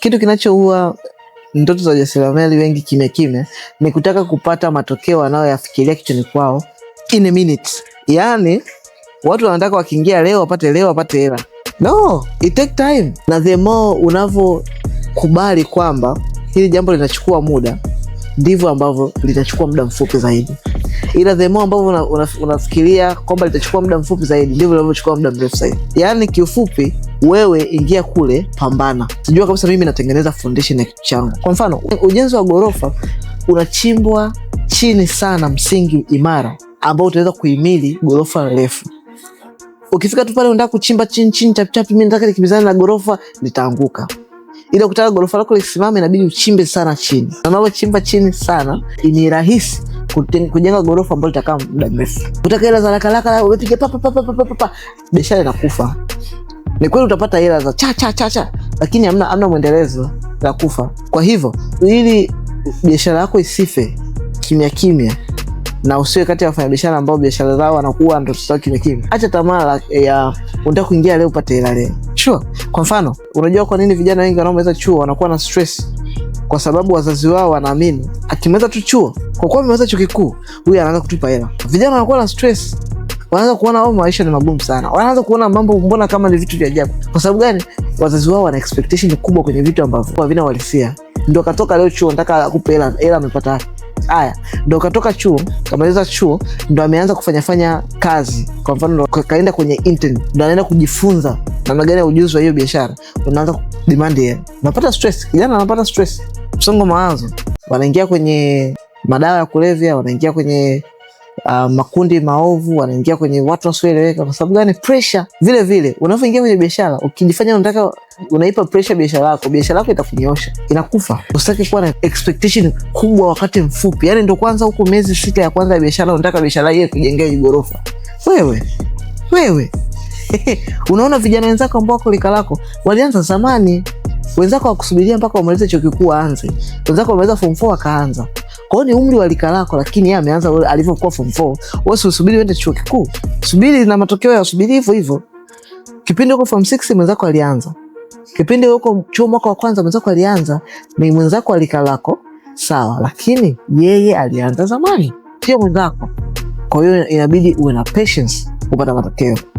Kitu kinachoua ndoto za wajasiriamali wengi kimya kimya ni kutaka kupata matokeo wanayoyafikiria kichwani kwao in a minute. Yaani, watu wanataka wakiingia leo wapate leo wapate hela. No, it take time. Na the more unavyokubali kwamba hili jambo linachukua muda ndivyo ambavyo litachukua muda mfupi zaidi, ila the more ambavyo una, una, kwamba litachukua muda mfupi zaidi ndivyo linavyochukua muda mrefu zaidi. yani kiufupi wewe ingia kule, pambana. Sijua kabisa mimi natengeneza foundation ya kitu changu. Kwa mfano, ujenzi wa ghorofa unachimbwa chini sana, msingi imara ambao utaweza kuhimili ghorofa refu. Ukifika tu pale unataka kuchimba chini chini, chapichapi, chap, mimi nataka nikimbizane na ghorofa, nitaanguka. Ila ukitaka ghorofa lako lisimame, inabidi uchimbe sana chini, na unapochimba chini sana, ni rahisi kujenga ghorofa ambalo itakaa muda mrefu. Utaka hela za haraka haraka, umepiga pa pa pa pa pa, biashara inakufa. Ni kweli utapata hela za cha cha cha cha, lakini hamna hamna mwendelezo la kufa. Kwa hivyo ili biashara yako isife kimya kimya na usiwe kati ya wafanyabiashara ambao biashara zao wanakuwa ndio tutao kimya kimya. Acha tamaa ya unataka kuingia leo upate hela leo. Sure. Kwa mfano, unajua kwa nini vijana wengi wanaomaliza chuo wanakuwa na stress? Kwa sababu wazazi wao wanaamini akimaliza tu chuo, kwa kuwa amemaliza chuo kikuu, huyu anaanza kutupa hela. Vijana wanakuwa na stress wanaanza kuona au maisha ni magumu sana. Wanaanza kuona mambo mbona kama ni vitu vya ajabu. Kwa sababu gani? Wazazi wao wana expectation kubwa kwenye vitu ambavyo havina uhalisia. Ndo katoka leo chuo, nataka akupe hela. Hela amepata wapi? Haya, ndo katoka chuo, kamaliza chuo, ndo ameanza kufanyafanya kazi. Kwa mfano, ndo kaenda kwenye intern, ndo anaenda kujifunza namna gani ya ujuzi wa hiyo biashara. Unaanza demand hela, unapata stress. Kijana anapata stress, msongo mawazo, wanaingia kwenye madawa ya kulevya, wanaingia kwenye uh, makundi maovu, wanaingia kwenye watu wasioeleweka. Kwa sababu gani? Pressure. Vile vile unavyoingia kwenye biashara, ukijifanya unataka unaipa pressure biashara yako, biashara yako itakunyosha, inakufa. Usitaki kuwa na expectation kubwa wakati mfupi, yani ndo kwanza huko miezi sita ya kwanza ya biashara unataka biashara hiyo kujengea ghorofa. Wewe wewe unaona vijana wenzako ambao wako lika lako walianza zamani. Wenzako wakusubiria mpaka wamalize chuo kikuu aanze, wenzako wamaliza form 4 wakaanza. Kwa hiyo ni umri wa lika lako, lakini yeye ameanza alivyokuwa form 4. Wewe usubiri uende chuo kikuu, subiri na matokeo ya subiri hivyo hivyo. Kipindi uko form six mwenzako alianza, kipindi uko chuo mwaka wa kwanza mwenzako alianza. Ni mwenzako alika lako sawa, lakini yeye alianza zamani, sio mwenzako. Kwa hiyo inabidi uwe na patience kupata matokeo.